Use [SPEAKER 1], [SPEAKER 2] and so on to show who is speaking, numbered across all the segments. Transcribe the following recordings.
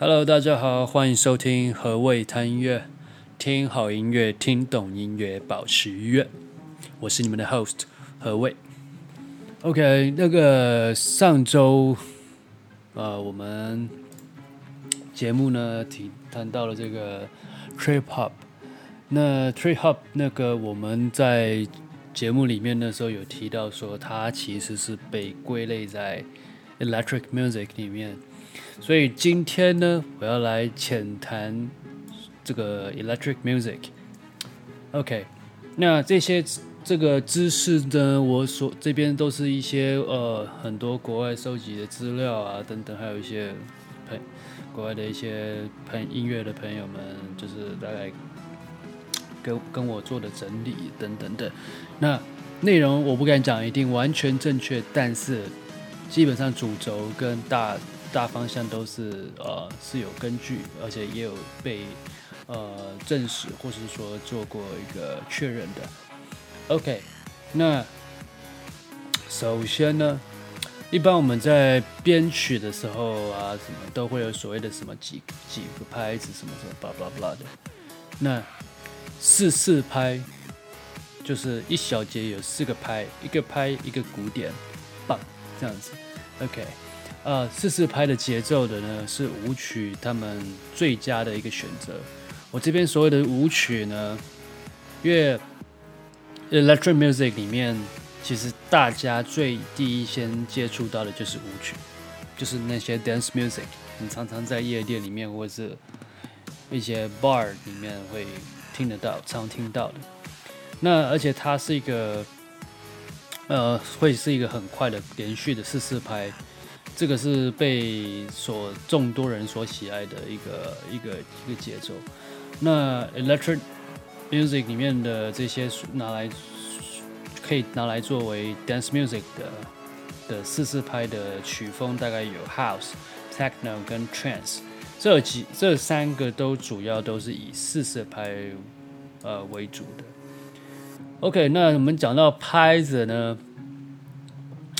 [SPEAKER 1] Hello，大家好，歡迎收聽何謂談音樂，聽好音樂，聽懂音樂，保持愉悅。我是你們的 host 何謂。OK，那個上周，呃，我們節目呢提談，談到了這個 trip hop。那 trip hop 那個我們在節目裡面那時候有提到說，它其實是被歸類在 electric music 裡面。所以今天呢，我要來淺談這個 electric music。OK，那這些這個知識呢，我所這邊都是一些呃很多國外收集的資料啊等等，還有一些朋國外的一些朋音樂的朋友們，就是大概跟跟我做的整理等等等。那內容我不敢講一定完全正確，但是基本上主軸跟大大方向都是呃是有根據，而且也有被呃證實，或是說做過一個確認的。OK，那首先呢，一般我們在編曲的時候啊，什麼都會有所謂的什麼幾幾個拍子，什麼什麼吧吧吧的。那四四拍就是一小節有四個拍，一個拍一個鼓點，棒這樣子。OK。呃，四四拍的節奏的呢，是舞曲他們最佳的一個選擇。我這邊所謂的舞曲呢，因為 electric music 裡面，其實大家最第一先接觸到的就是舞曲，就是那些 dance music，你常常在夜店裡面或者是一些 bar 裡面會聽得到，常聽到的。那而且它是一個，呃，會是一個很快的連續的四四拍。這個是被所眾多人所喜愛的一個一個一個節奏。那 electric music 裡面的這些拿來可以拿來作為 dance music 的的四四拍的曲風，大概有 house、techno 跟 trance 這幾這三個都主要都是以四四拍呃為主的。OK，那我們講到拍子呢，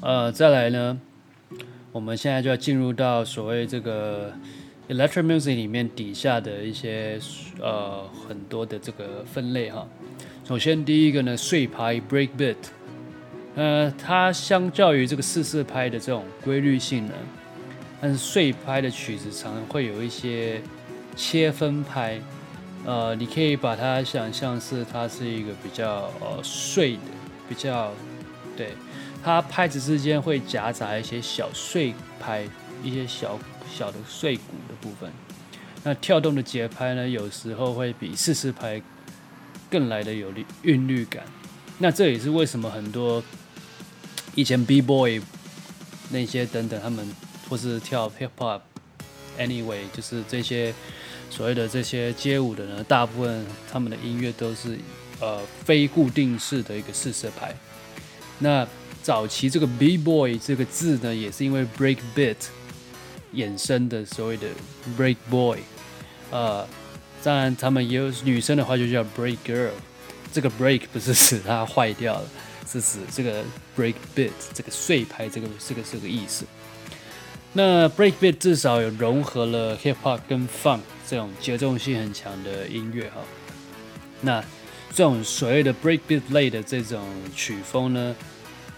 [SPEAKER 1] 呃，再來呢。我們現在就要進入到所謂這個 electronic music 裡面底下的一些呃很多的這個分類哈。首先第一個呢，碎拍 breakbeat，呃，它相較於這個四四拍的這種規律性呢，但是碎拍的曲子常常會有一些切分拍，呃，你可以把它想象是它是一個比較呃碎的，比較。對。它拍子之間會夾雜一些小碎拍，一些小小的碎鼓的部分。那跳動的節拍呢，有時候會比四四拍更來得有力韻律感。那這也是為什麼很多以前 B boy 那些等等他們或是跳 hip hop anyway 就是這些所謂的這些街舞的呢，大部分他們的音樂都是呃非固定式的一個四四拍。那早期這個 B-boy 這個字呢，也是因為 break beat 衍生的所謂的 break boy，呃，當然他們也有女生的話就叫 break girl。這個 break 不是指它壞掉了，是指這個 break beat 這個碎拍這個這個這個意思。那 break beat 至少有融合了 hip hop 跟 funk 這種節奏性很強的音樂哈。那這種所謂的 break beat 類的這種曲風呢？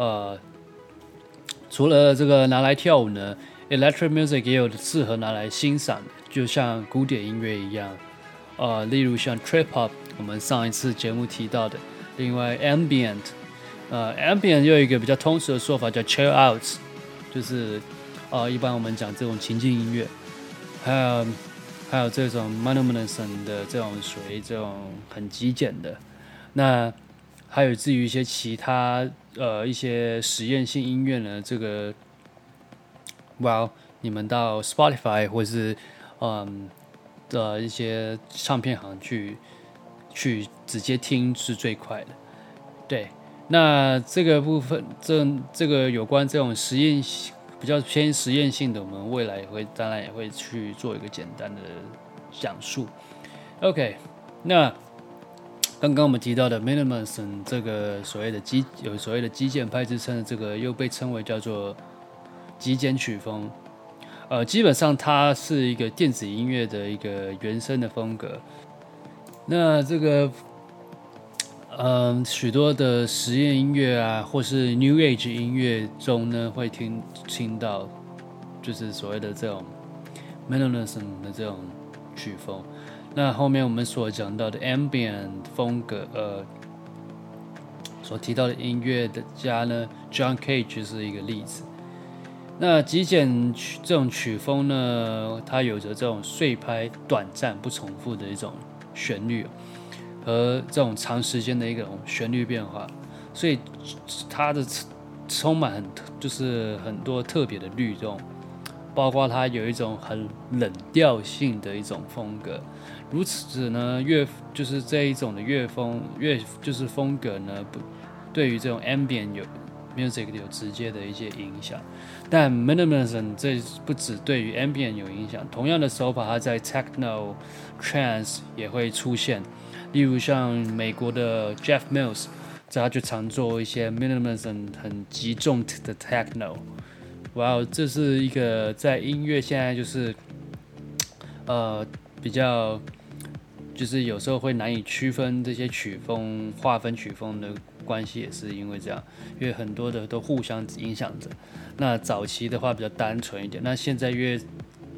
[SPEAKER 1] 呃，除了這個拿來跳舞呢 e l e c t r i c music 也有適合拿來欣賞的，就像古典音樂一樣。呃，例如像 trip u o p 我們上一次節目提到的，另外 ambient，呃，ambient 有一個比較通俗的說法叫 chill out，就是，呃，一般我們講這種情境音樂，還有還有這種 m o n o m a n i s n 的這種屬於這種很極簡的。那還有至於一些其他。呃，一些實驗性音樂呢，這個，Well、wow，你們到 Spotify 或者是嗯的一些唱片行去去直接聽是最快的。對，那這個部分，這這個有關這種實驗性、比較偏實驗性的，我們未來也會當然也會去做一個簡單的講述。OK，那。剛剛我們提到的 Minimalism、um、這個所謂的極有所謂的極簡派之稱的這個，又被稱為叫做極簡曲風，呃，基本上它是一個電子音樂的一個原生的風格。那這個，呃，許多的實驗音樂啊，或是 New Age 音樂中呢，會聽聽到就是所謂的這種 Minimalism、um、的這種曲風。那後面我們所講到的 ambient 風格，呃，所提到的音樂的家呢，John Cage 是一個例子。那極簡曲這種曲風呢，它有着這種碎拍、短暫、不重複的一種旋律，和這種長時間的一種旋律變化，所以它的充滿很就是很多特別的律動。包括它有一種很冷調性的一種風格，如此之呢樂就是這一種的樂風樂就是風格呢，不對於這種 ambient 有 music 有直接的一些影響，但 minimalism 這不只對於 ambient 有影響，同樣的手法它在 techno trance 也會出現，例如像美國的 Jeff Mills，他就常做一些 minimalism 很集中的 techno。哇，wow, 這是一個在音樂現在就是，呃，比較就是有時候會難以區分這些曲風，劃分曲風的關係，也是因為這樣，因為很多的都互相影響着。那早期的話比較單純一點，那現在因為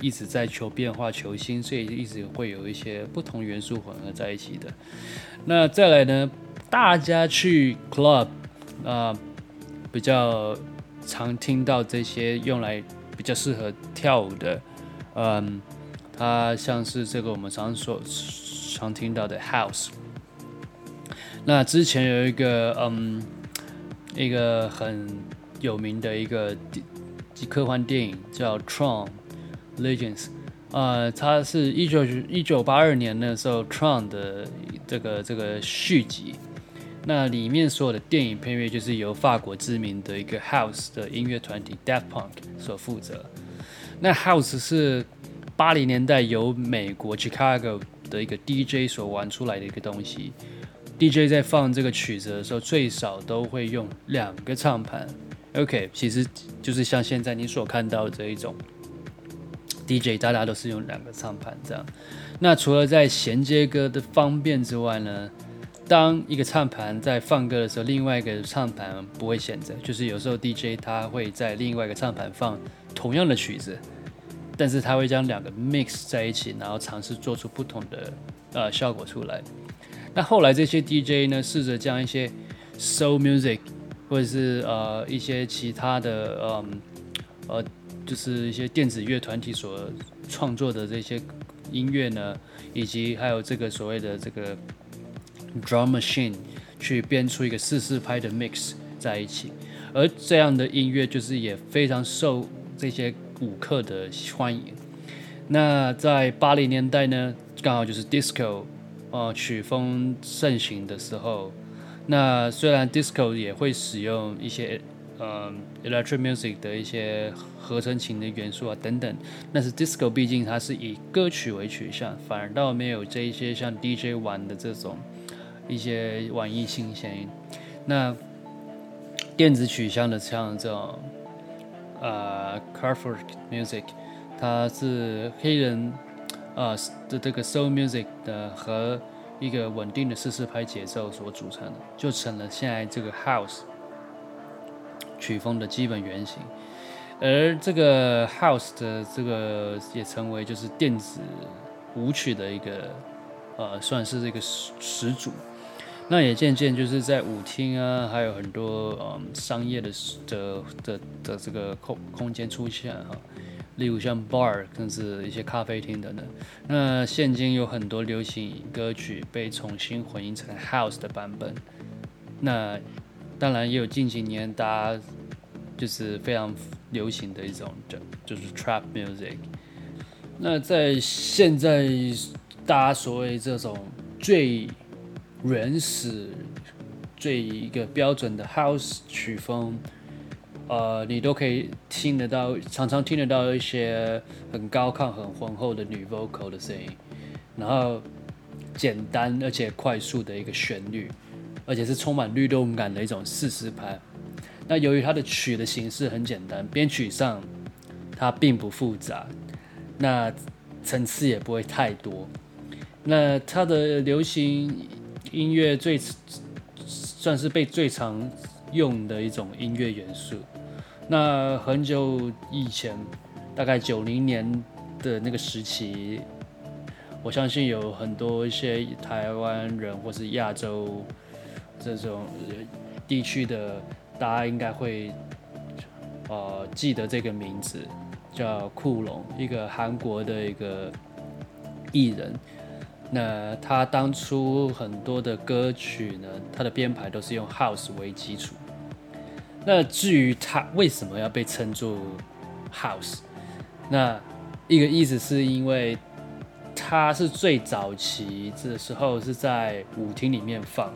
[SPEAKER 1] 一直在求變化、求新，所以一直會有一些不同元素混合在一起的。那再來呢，大家去 club 啊、呃，比較。常聽到這些用來比較適合跳舞的，嗯，它像是這個我們常說常聽到的 house，那之前有一個嗯，一個很有名的一個科幻電影叫《Tron Legends》，嗯，呃，它是一九一九八二年的時候 Tron 的這個這個續集。那裡面所有的電影配樂就是由法國知名的一個 house 的音樂團體 Daft Punk 所負責。那 house 是八零年代由美國 Chicago 的一個 DJ 所玩出來的一個東西。DJ 在放這個曲子的時候，最少都會用兩個唱盤。OK，其實就是像現在你所看到的這一種，DJ 大家都是用兩個唱盤這樣。那除了在銜接歌的方便之外呢？當一個唱盤在放歌的時候，另外一個唱盤不會選擇，就是有時候 DJ 他會在另外一個唱盤放同樣的曲子，但是他會將兩個 mix 在一起，然後嘗試做出不同的呃效果出來。那後來這些 DJ 呢，試着將一些 soul music 或者是呃一些其他的嗯呃，呃就是一些電子樂團體所創作的這些音樂呢，以及還有這個所謂的這個。Drum machine 去編出一個四四拍的 mix 在一起，而這樣的音樂就是也非常受這些舞客的歡迎。那在八零年代呢，剛好就是 disco，呃，曲風盛行的時候。那雖然 disco 也會使用一些呃 electronic music 的一些合成琴的元素啊等等，但是 disco 畢竟它是以歌曲為取向，反而倒沒有這一些像 DJ 玩的這種。一些玩意，新鮮，那電子曲項的像這種，呃，Carford Music，它是黑人，呃的這個 Soul Music 的和一個穩定的四四拍節奏所組成的，就成了現在這個 House 曲風的基本原型。而這個 House 的這個也成為就是電子舞曲的一個呃，算是這個始始祖。那也漸漸就是在舞廳啊，還有很多嗯商業的的的的這個空空間出現哈、啊，例如像 bar，甚至一些咖啡廳等等。那現今有很多流行歌曲被重新混音成 house 的版本。那當然也有近幾年大家就是非常流行的一種，就是 trap music。那在現在大家所謂這種最原始，最以一個標準的 house 曲風，呃，你都可以聽得到，常常聽得到一些很高亢、很渾厚的女 vocal 的聲音，然後簡單而且快速的一個旋律，而且是充滿律動感的一種四四拍。那由於它的曲的形式很簡單，編曲上它並不複雜，那層次也不會太多。那它的流行。音樂最算是被最常用的一種音樂元素。那很久以前，大概九零年的那個時期，我相信有很多一些台灣人或是亞洲這種地區的，大家應該會呃記得這個名字，叫酷龍，一個韓國的一個藝人。那他當初很多的歌曲呢，他的編排都是用 house 為基礎。那至於他為什麼要被稱作 house，那一個意思是因為他是最早期的時候是在舞廳裡面放，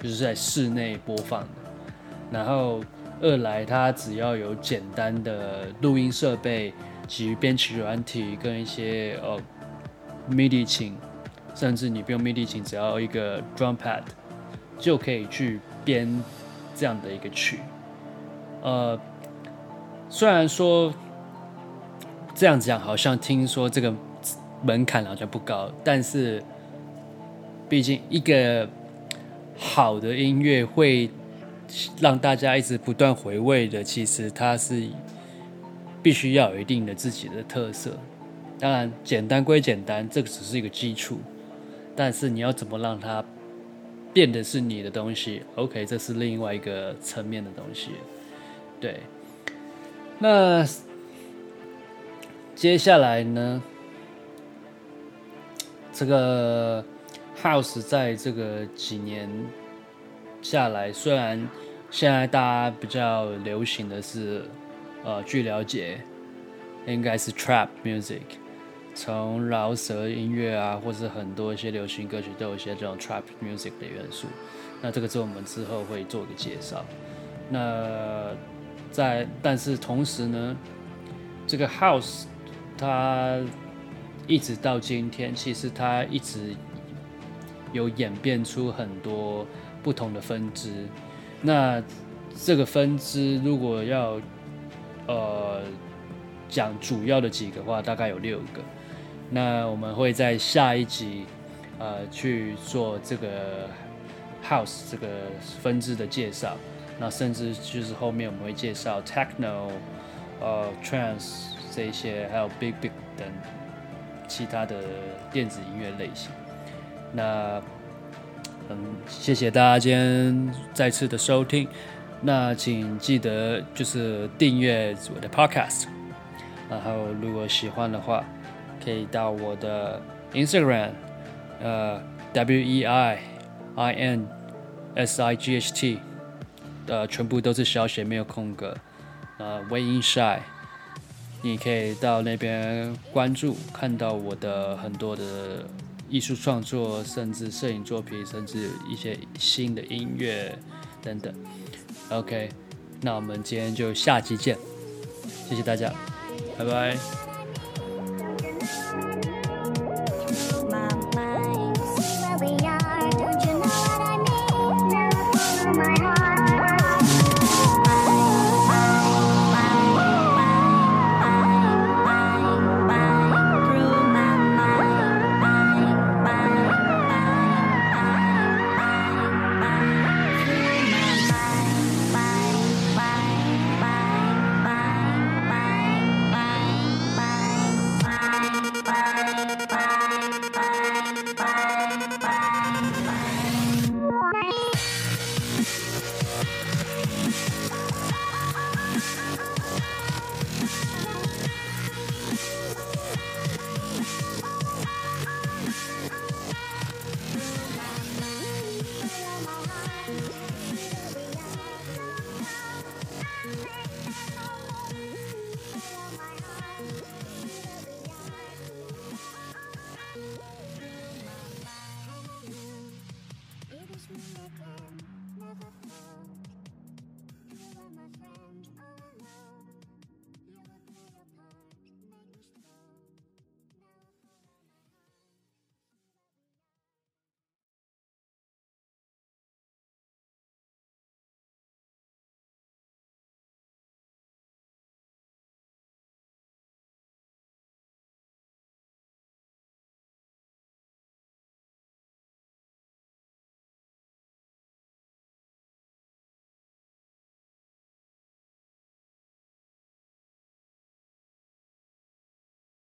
[SPEAKER 1] 就是在室內播放，然後二來，他只要有簡單的錄音設備及編曲軟體跟一些呃、哦、MIDI 琴甚至你不用 MIDI 琴，只要一個 drum pad 就可以去編這樣的一個曲。呃，雖然說這樣講好像聽說這個門檻好像不高，但是畢竟一個好的音樂會讓大家一直不斷回味的，其實它是必須要有一定的自己的特色。當然，簡單歸簡單，這個只是一個基礎。但是你要怎麼讓它變得是你的東西？OK，這是另外一個層面的東西。對，那接下來呢？這個 House 在這個幾年下來，雖然現在大家比較流行的是，呃，據了解，應該是 Trap Music。從饒舌音樂啊，或是很多一些流行歌曲，都有一些這種 trap music 的元素。那這個是我們之後會做個介紹。那在，但是同時呢，這個 house 它一直到今天，其實它一直有演變出很多不同的分支。那這個分支，如果要呃講主要的幾個的話，大概有六個。那我們會在下一集，呃，去做這個 house 這個分支的介紹。那甚至就是後面我們會介紹 techno、呃、呃 trance 這一些，還有 big beat 等其他的電子音樂類型。那，嗯，謝謝大家今天再次的收聽。那請記得就是訂閱我的 podcast，然後如果喜歡的話。可以到我的 Instagram，呃、uh，W E I，I N，S I G H T，呃、uh，全部都是小寫，沒有空格，呃、uh, Weinsight，你可以到那邊關注，看到我的很多的藝術創作，甚至攝影作品，甚至一些新的音樂等等。OK，那我們今天就下期見，謝謝大家，拜拜。